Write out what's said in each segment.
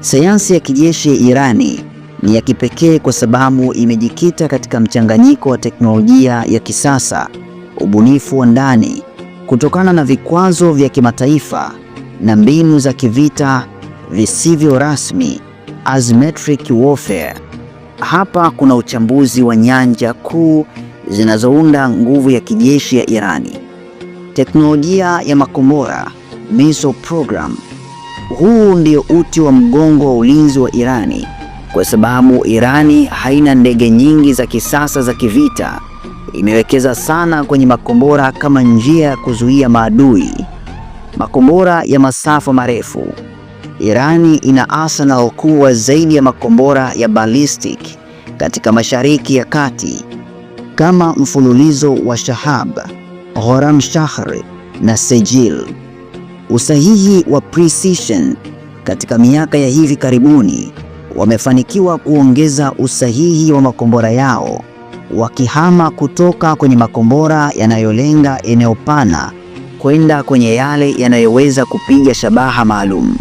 Sayansi ya kijeshi Irani ni ya kipekee kwa sababu imejikita katika mchanganyiko wa teknolojia ya kisasa, ubunifu wa ndani kutokana na vikwazo vya kimataifa na mbinu za kivita visivyo rasmi, asymmetric warfare. Hapa kuna uchambuzi wa nyanja kuu zinazounda nguvu ya kijeshi ya Irani: teknolojia ya makombora missile program huu ndio uti wa mgongo wa ulinzi wa Irani, kwa sababu Irani haina ndege nyingi za kisasa za kivita. Imewekeza sana kwenye makombora kama njia ya kuzuia maadui, makombora ya masafa marefu. Irani ina arsenal kubwa zaidi ya makombora ya ballistic katika Mashariki ya Kati kama mfululizo wa Shahab, ghoram shahr na Sejil usahihi wa precision katika miaka ya hivi karibuni wamefanikiwa kuongeza usahihi wa makombora yao wakihama kutoka kwenye makombora yanayolenga eneo pana kwenda kwenye yale yanayoweza kupiga shabaha maalum.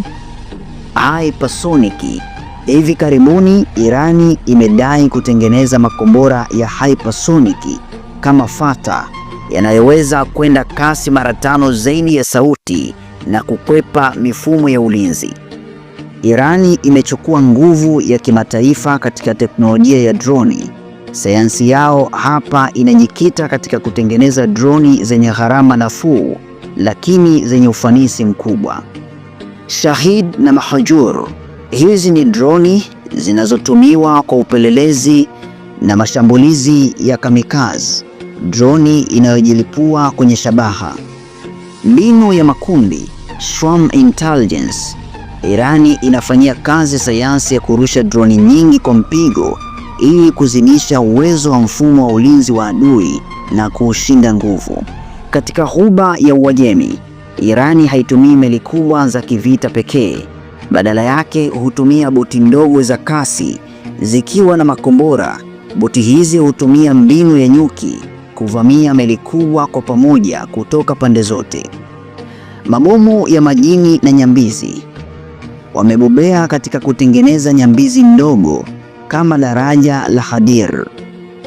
Hypersonic. Hivi karibuni Irani imedai kutengeneza makombora ya hypersonic kama Fata yanayoweza kwenda kasi mara tano zaidi ya sauti na kukwepa mifumo ya ulinzi. Irani imechukua nguvu ya kimataifa katika teknolojia ya droni. Sayansi yao hapa inajikita katika kutengeneza droni zenye gharama nafuu lakini zenye ufanisi mkubwa. Shahid na Mahjur, hizi ni droni zinazotumiwa kwa upelelezi na mashambulizi ya kamikazi, droni inayojilipua kwenye shabaha. Mbinu ya makundi Swarm Intelligence. Irani inafanyia kazi sayansi ya kurusha droni nyingi kwa mpigo ili kuzidisha uwezo wa mfumo wa ulinzi wa adui na kuushinda nguvu. Katika Ghuba ya Uajemi, Irani haitumii meli kubwa za kivita pekee. Badala yake hutumia boti ndogo za kasi zikiwa na makombora. Boti hizi hutumia mbinu ya nyuki kuvamia meli kubwa kwa pamoja kutoka pande zote. Mabomu ya majini na nyambizi wamebobea katika kutengeneza nyambizi ndogo kama daraja la Hadir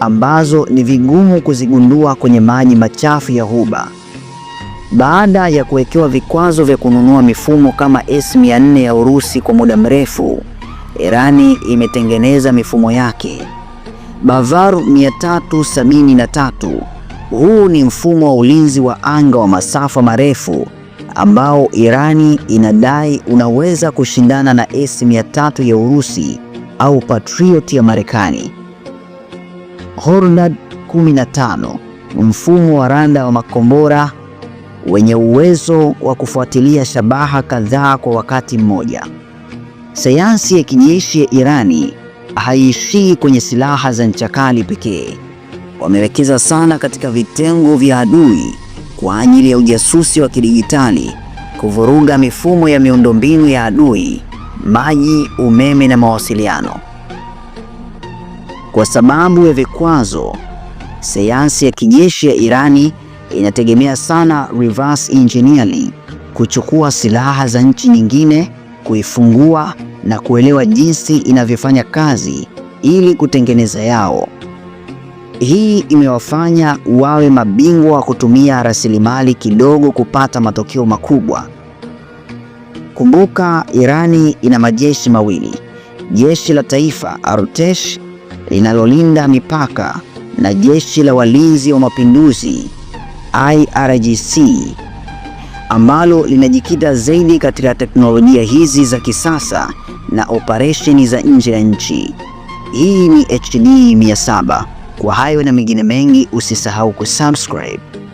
ambazo ni vigumu kuzigundua kwenye maji machafu ya huba Baada ya kuwekewa vikwazo vya kununua mifumo kama S400 ya Urusi kwa muda mrefu, Irani imetengeneza mifumo yake Bavar 373. Huu ni mfumo wa ulinzi wa anga wa masafa marefu ambao Irani inadai unaweza kushindana na S-300 ya Urusi au Patriot ya Marekani. Hornad 15 mfumo wa randa wa makombora wenye uwezo wa kufuatilia shabaha kadhaa kwa wakati mmoja. Sayansi ya kijeshi ya Irani haiishii kwenye silaha za ncha kali pekee. Wamewekeza sana katika vitengo vya adui kwa ajili ya ujasusi wa kidijitali, kuvuruga mifumo ya miundombinu ya adui, maji, umeme na mawasiliano. Kwa sababu ya vikwazo, sayansi ya kijeshi ya Irani inategemea sana reverse engineering, kuchukua silaha za nchi nyingine, kuifungua na kuelewa jinsi inavyofanya kazi ili kutengeneza yao. Hii imewafanya wawe mabingwa wa kutumia rasilimali kidogo kupata matokeo makubwa. Kumbuka, Irani ina majeshi mawili, jeshi la taifa Artesh linalolinda mipaka na jeshi la walinzi wa mapinduzi IRGC ambalo linajikita zaidi katika teknolojia hizi za kisasa na operesheni za nje ya nchi. Hii ni HD 700. Kwa hayo na mengine mengi, usisahau kusubscribe.